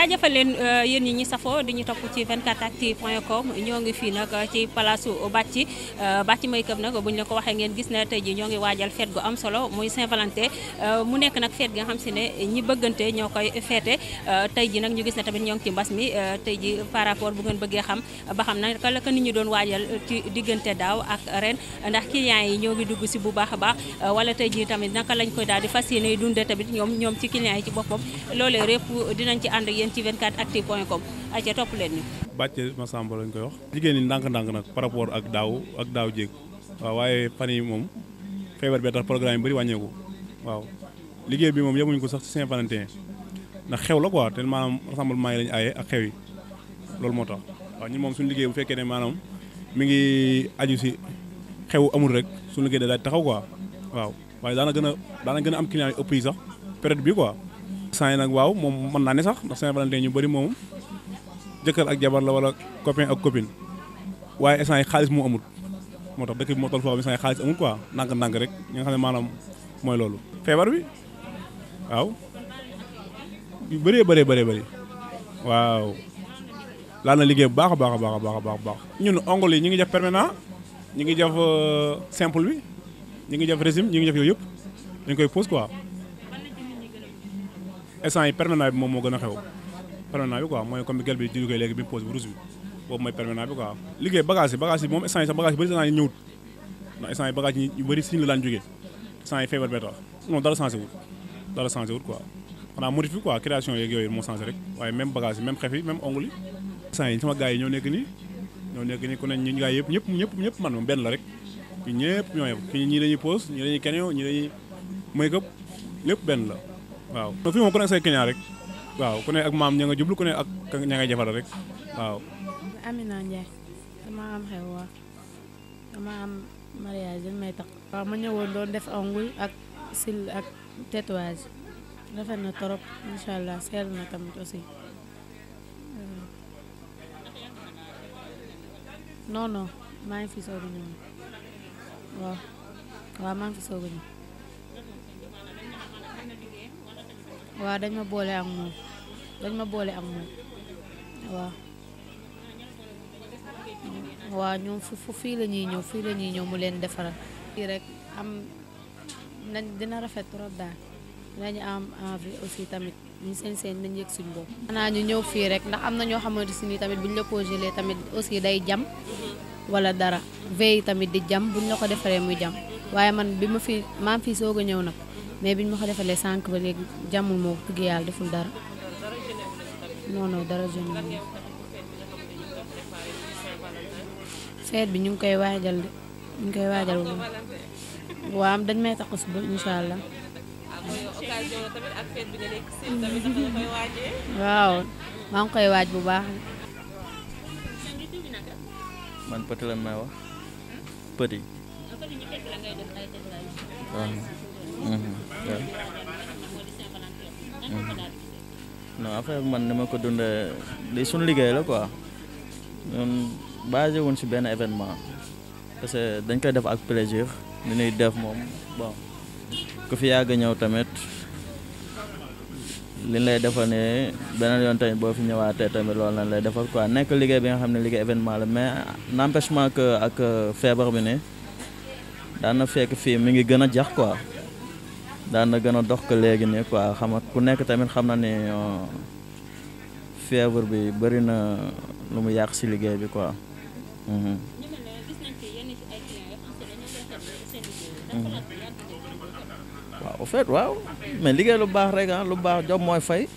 jaajëfal leen euh, yéen ñi ñi safoo di ñu topp ci 24actu point ñoo ngi fii nag euh, bu ñu la ko waxee ngeen gis na tey ji ñoo ngi waajal fête gu am solo muy Saint-Valentin euh, mu nekk nag fête gi nga xam si ne ñi bëggante ñoo koy feete tey ji nag ñu gis na tamit ñoo ngi ci mbas mi tey ji par rapport bu ngeen bëggee xam ba xam naka la ko nit ñi doon waajal ci diggante daaw ak ren ndax clients yi ñoo ngi dugg si bu baax a baax wala tey ji tamit naka lañ koy daal di fas yéene dundee tamit ñoom ñoom ci clients yi ci boppam loolee répp dinañ ci ànd ak leen ci 24actu point com ayca topp leen ñu. bàcce Massamba lañ koy wax. jigéen ñi ndànk ndank nag par rapport ak daaw ak daaw jéeg waaw waaye fan yi moom feebar bee tax programme yi bëri wàññeeku waaw liggéey bi moom yemuñu ko sax ci Saint-Valentin ndax xew la ko te maanaam rassemblement yi lañu aaye ak xew yi loolu moo tax waaw ñun moom suñ liggéey bu fekkee ne maanaam mi ngi aju si xew amul rek suñu liggéey da daal taxaw ko waaw waaye daana gën a daana gën am client yu période bi quoi sant yi nag waaw moom mën naa ne sax ndax Saint-Valentin ñu bëri moom jëkkër ak jabar la wala copain ak copine waaye sant yi xaalis mu amul moo tax dëkk bi moo toll foofu sant yi xaalis amul rek ñi nga xam ne maanaam mooy loolu. feebar bi waaw yu bëree bëree bëree bëri waaw laal na liggéey baax baax a baax a baax a baax ñun ongle yi ñu ngi jaf permanent ñu ngi def euh, simple bi ñu ngi def régime ñu ngi def yooyu yëpp dañ koy pause quoi. instant yi permanent bi moom moo gën a xew permanent bi quoi mooy comme gel bi di jógee léegi bi pose bu rouge bi boobu mooy permanent bi quoi liggéey bagage yi bagage yi moom instant yi sax bagage yi bëri la daan jógee instant yi bee tax non dara changé wut dara changé wut quoi xanaa modifié quoi création yooyu moo changé rek waaye même bagage yi même xef yi même ongle yi instant sama gars yi ñoo nekk nii ñoo nekk nii ku ne ñu gars yëpp ñëpp ñëpp ñëpp man moom benn la rek ñëpp ñoo yem ñii la waaw. fii moom ku nekk say client rek waaw ku ne ak maam ña nga jublu ku jafara rek waaw. Amina Ndiaye dama am xew waaw dama am mariage dañ may tax. waaw ma ñëwoon doon def ongul ak sil ak tatouage rafet na torop incha allah seer na tamit aussi. non non maa ngi fi soog waaw maa fi soog waaw dañ ma boole ak moom dañ ma boole ak moom waaw. waaw ñoom fu fii la ñuy ñëw fii la ñuy ñëw mu leen defaral. fii rek am nañ dina rafet trop daal dinañu am envie aussi tamit ñu seen seen nañ yëg suñu bopp. xanaa ñu ñëw fii rek ndax am na ñoo xamante si nii tamit bu ñu la congelé tamit aussi day jam wala dara veille tamit di jam buñ la ko defaree muy jam waaye man bi ma fi maa fii soog a ñëw nag. mais biñ ma ko defalee sànq ba léegi jàmmul moo ko tugg yàlla deful dara moo non dara jeune seet bi ñu ngi koy waajal de ñu ngi koy waajal wu waaw dañ may takk suba incha allah waaw maa ngi koy waaj bu baax man pëti la may wax non affaire man ni ma ko dundee li suñu liggéey la quoi ñun basé si benn événement parce que dañ koy def ak plaisir li ñuy def moom bon ku fi yàgg ñëw tamit li lay defal ne beneen yoon tamit boo fi ñëwaatee tamit loolu lañ lay defal quoi nekk liggéey bi nga xam ne liggéey événement la mais n'empêchement que ak feebar bi ne daan na fekk fii mi ngi gën a jax quoi. daan na gën a dox ko léegi nii quoi xam nga ku nekk tamit xam na ni euh, fièvre bi bëri na lu mu yàq si liggéey bi quoi. Mhm. waaw au fait mais liggéey lu baax rek ah lu baax jom mooy fay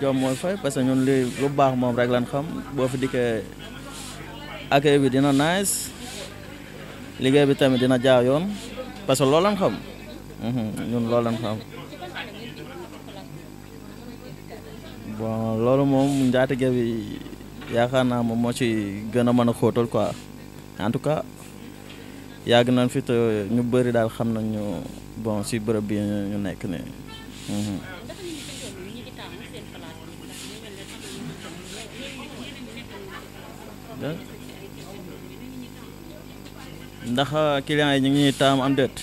jom mooy fay parce que ñun li lu baax moom rek lan xam boo fi dikkee accueil bi dina nice liggéey bi tamit dina jaaw yoon parce que loolu xam. Mhm, ñun loolu lañ bon loolu moom njaatige bi yaakaar naa moom moo ci gën a mën a xóotal quoi en tout cas yàgg nañ fi ñu bari daal xam na ñu bon si bërëb bi ñu nekk nii. Mhm. ndax clients yi ñu ngi ñuy am déet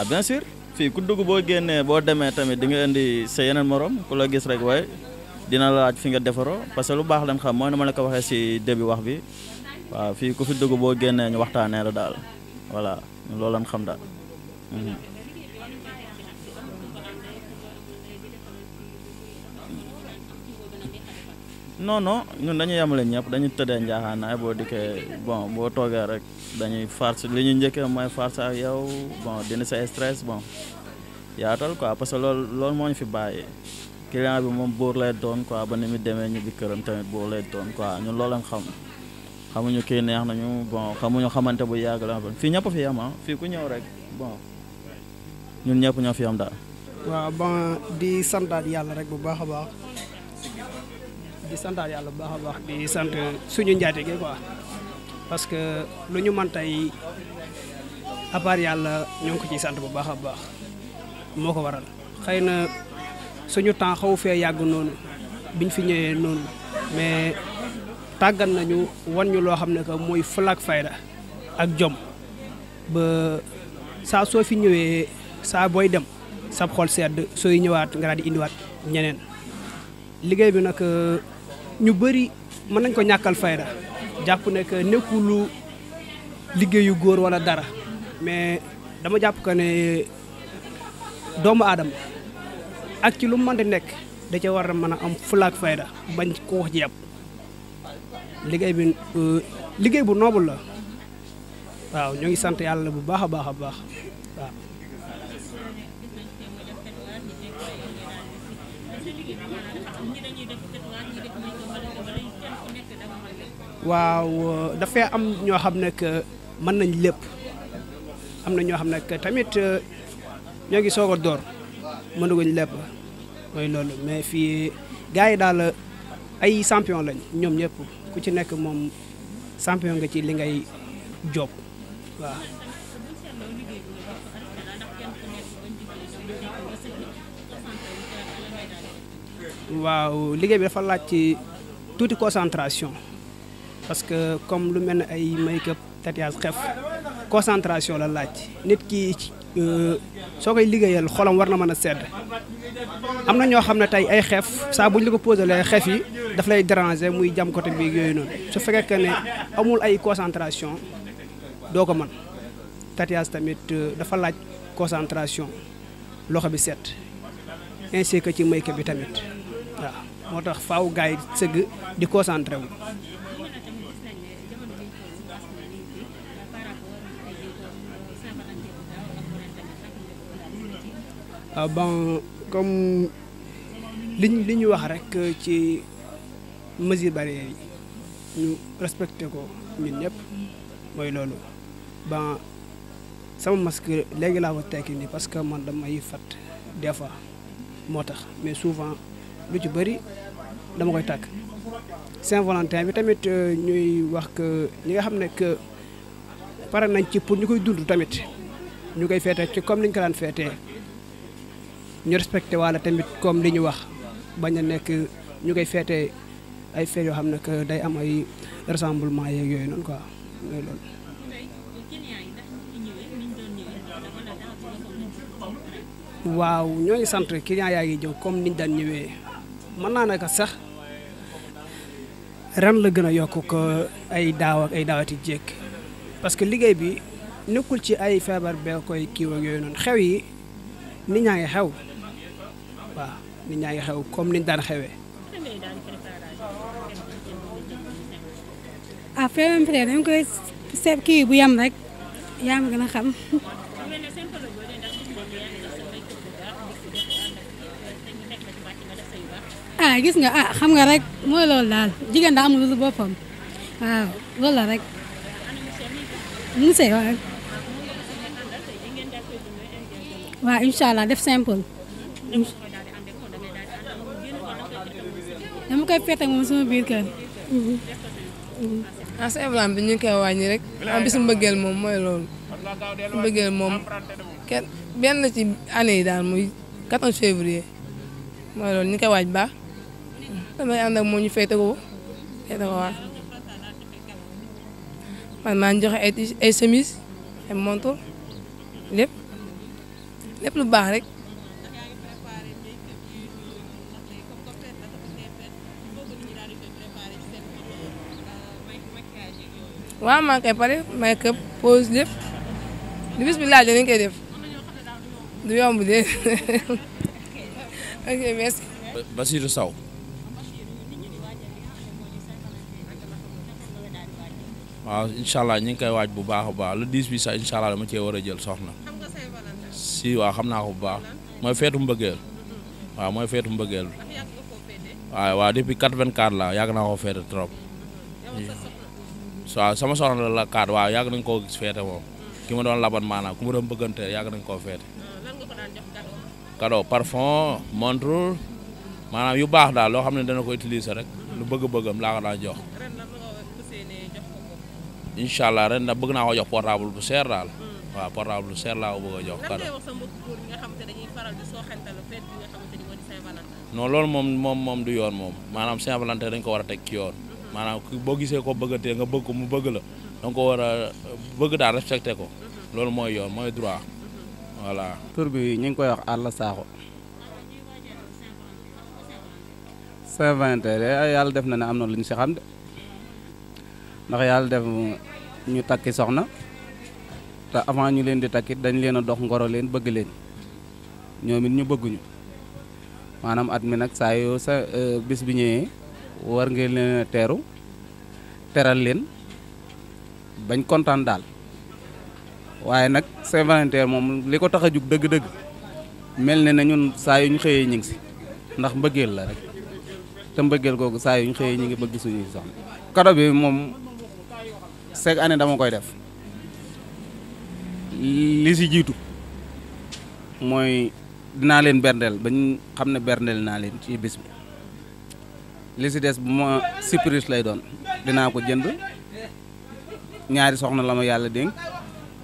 ah bien sûr. fii ku dugg boo génnee boo demee tamit di nga indi sa yeneen morom ku la gis rek waaye dina laaj fi nga defaroo parce que lu baax lañ xam mooy na ma la ko waxee si début wax bi waaw fii ku fi dugg boo génnee ñu waxtaanee la daal voilà loolu lañ xam daal. non non ñun dañu yemale ñëpp dañu tëddee njaaxaanaay boo dikkee bon boo toogee rek dañuy farce lu ñu njëkkee mooy farce ak yow bon dina sa stress bon yaatal quoi parce que lool loolu moo ñu fi bàyyi client bi moom buur lay doon quoi ba ni mu demee ñu bi këram tamit buur lay doon quoi ñun loolu lañ xamuñu kii neex nañu bon xamuñu xamante bu yàgg la fii ñëpp fi yem ah, fii ku ñëw rek bon ñun ñëpp ñoo fi yam daal. waaw bon di santaat yàlla rek bu baax a baax. di santaat yàlla bu baax a baax di sant suñu njaatige quoi parce que lu ñu mën tey à part yàlla ñoo ngi ko ciy sant bu baax a baax moo ko waral xëy na suñu temps xaw fee yàgg noonu biñ fi ñëwee noonu mais tàggat nañu wan ñu loo xam ne que mooy flag fayda ak jom ba saa soo fi ñëwee saa booy dem sab xol sedd sooy ñëwaat nga daal di indiwaat ñeneen liggéey bi nag ñu bëri mën nañ ko ñàkkal fayda jàpp ne que nekkulu liggéeyu góor wala dara mais dama jàpp que ne doomu aadama ak ci lu mën di nekk da ca war a mën a am fulaak fayda bañ ko wax ji yàpp liggéey bi euh, bu noble la waaw ñoo ngi sant yàlla bu baax a baax a baax waaw dafa am ñoo xam ne que mën nañ lépp am na ñoo xam ne tamit euh, ñoo ngi soog a door mënaguñ lépp mooy loolu mais fii gars yi daal ay champion lañ ñoom ñëpp ku ci nekk moom champion nga ci li ngay job waaw. waaw liggéey bi dafa laaj ci tuuti concentration. parce que comme lu mel ne ay make-up tatouage xef concentration la laaj nit ki euh, soo koy liggéeyal xolam war na mën a sedd am na ñoo xam ne tey ay xef saa bu ñu la ko posé lee xeef yi daf lay déranger muy jam côté bi yooyu noonu su fekkee ne amul ay concentration doo ko mën tatouage tamit euh, dafa laaj concentration loxo bi set ainsi que ci make-up bi tamit waaw moo tax faaw gaay sëgg di concentré wu Ah, ban comme liñ li ñu wax rek euh, ci mesures barrières yi ñu respecté ko ñun ñëpp mooy loolu bon sama masque léegi laa ko tekki nii parce que man damay fat des fois moo tax mais souvent lu ci bëri dama koy tàkk Saint-Valentin bi tamit euh, ñuy wax que ñi nga xam ne pare nañ ci pour ñu koy dund tamit ñu koy feete ci comme niñ ko daan feetee ñu respecté waalo tamit comme li ñu wax bañ a nekk ñu koy feete ay feet yoo xam ne que day am ay rassemblement yeeg yooyu noonu quoi mooy waaw ñoo ngi sant client yaa ngi ñëw comme niñ daan ñëwee mën naa naka sax ren la gën a yokk ay daaw ak ay daawati jékk parce que liggéey bi nekkul ci ay feebar bee koy kiiw yooyu noonu xew yi nit ñaa ngi xew. waaw nit ñaa ngi xew comme niñ daan xewee. Ah, koy seet bu yam rek yaa ma gën a xam. Ah, gis nga ah xam nga rek mooy loolu daal jigéen daa amul lu boppam waaw loolu la rek. monsieur waaw. waaw def simple. dama koy fête ak moom sama biir kër. ah sa Ibrahima bi ñu ngi koy wàññi rek ah bisu moom mooy moom kenn benn ci année yi daal muy 14 février mooy loolu ñu ngi koy waaj baax damay ànd ak moom ñu maa ngi joxe ay ay chemise ay montre lu baax rek. waaw maa ngi koy pare make up pose lépp du bis bi laaj koy def du yomb de ok merci. Basirou Sow. waaw incha allah ñu ngi koy waaj bu baax a baax le 10 bi sax incha allah dama cee war a jël soxna si waa xam naa ko bu baax mooy feetu mbëggeel waa mooy feetu mbëggeel waaw waaw depuis 84 la yàgg naa ko feete trop. waaw ah, sama soxna la kaat waaw yàgg nañ koo gis feete moom ki ma doon laban maanaam ku ma doon bëggante yàgg nañ koo feete cadeau parfum montre maanaam yu baax daal loo xam ne dana ko utiliser rek lu bëgg-bëggam laa ko daan jox incha allah ren nag bëgg naa ko jox portable bu seer daal hmm. waaw portable bu seer laa ko bëgg jox cadeau non loolu moom moom moom du yoon moom maanaam Saint-Valentin dañ ko war a teg ci yoon maanaam boo gisee ko bëgg bëggatee nga bëgg ko mu bëgg la danga ko war bëgg daal respecté ko loolu mooy yoon mooy droit voilà. tur bi ñu ngi koy wax Alla Sakho. Saint-Valentin yàlla def na ne am na lu ñu si xam de ndax yàlla def ñu takki soxna te avant ñu leen di takkit dañ leen a dox ngoro leen bëgg leen ñoomit ñu bëgguñu maanaam at mi nag saa yoo sa euh, bis bi ñëwee. war nga leen teeru teral leen bañ kontaan daal waaye nag Saint-Valentin moom li ko tax a jug dëgg-dëgg mel ne na ñun saa yuñ ñu xëyee ñu ngi si ndax mbëggeel la rek te mbëggeel googu saa yuñ xëyee ñu ngi bëgg suñuy soxna kado bi moom chaque année dama koy def li si jiitu mooy dinaa leen berndeel bañ xam ne berndeel naa leen ci bis bi li si des bu ma surprise lay doon dinaa ko jënd ñaari soxna la ma yàlla dénk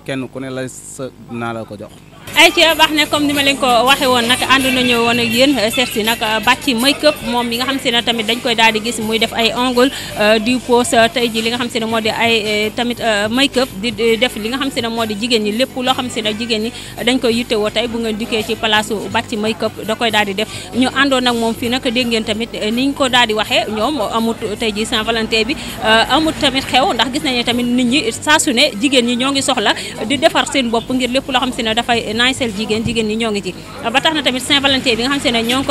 kenn ku ne la sa naa la ko jox ay ci baax ne comme ni ma leen ko waxee woon nag ànd nañu woon ak yéen seet si nag Bathie Makeup moom mi nga xam si ne tamit dañ koy daal di gis muy def ay ongle euh, di pose euh, tey ji li nga xam si ne moo di ay euh, tamit makeup di def li nga xam si ne moo di jigéen ñi lépp loo xam si ne jigéen ñi dañ koy yittewoo tey bu ngeen dikkee ci place Bathie Makeup da koy daal di def ñu àndoon nag moom fii nag dégg ngeen tamit ni ñu ko daal di waxee ñoom amut tey ji Saint Valentin bi amut tamit xew ndax gis nañu tamit nit ñi saa su ne jigéen ñi ñoo ngi soxla di defar seen bopp ngir lépp loo xam si ne dafay nagisel jigéen jigéen ñi ñoo ngi ci ba tax na tamit Saint-Valentin bi nga xam se ne ñoo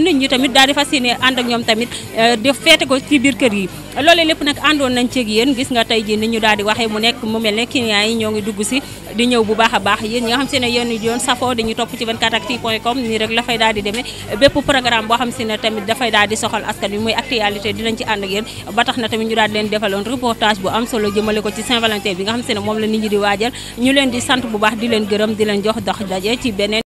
ngi a ñu tamit fas yéene ànd ak ñoom tamit eh, di feete ko ci biir kër yi ñoo ngi si a ne yéen yoon safoo dañuy topp ci 24actu.com nii rek la fay daal di demee bépp programme boo xam se ne tamit dafay daal di soxal askan muy actualité dinañ ci ànd ak yéen ba tax na tamit ñu daal leen defaloon reportage bu am solo jëmale ko ci Saint-Valentin bi nga xam se ne moom la nit ñi di waajal ñu leen di sant bu baax di leen gërëm di leen jox dox ci beneen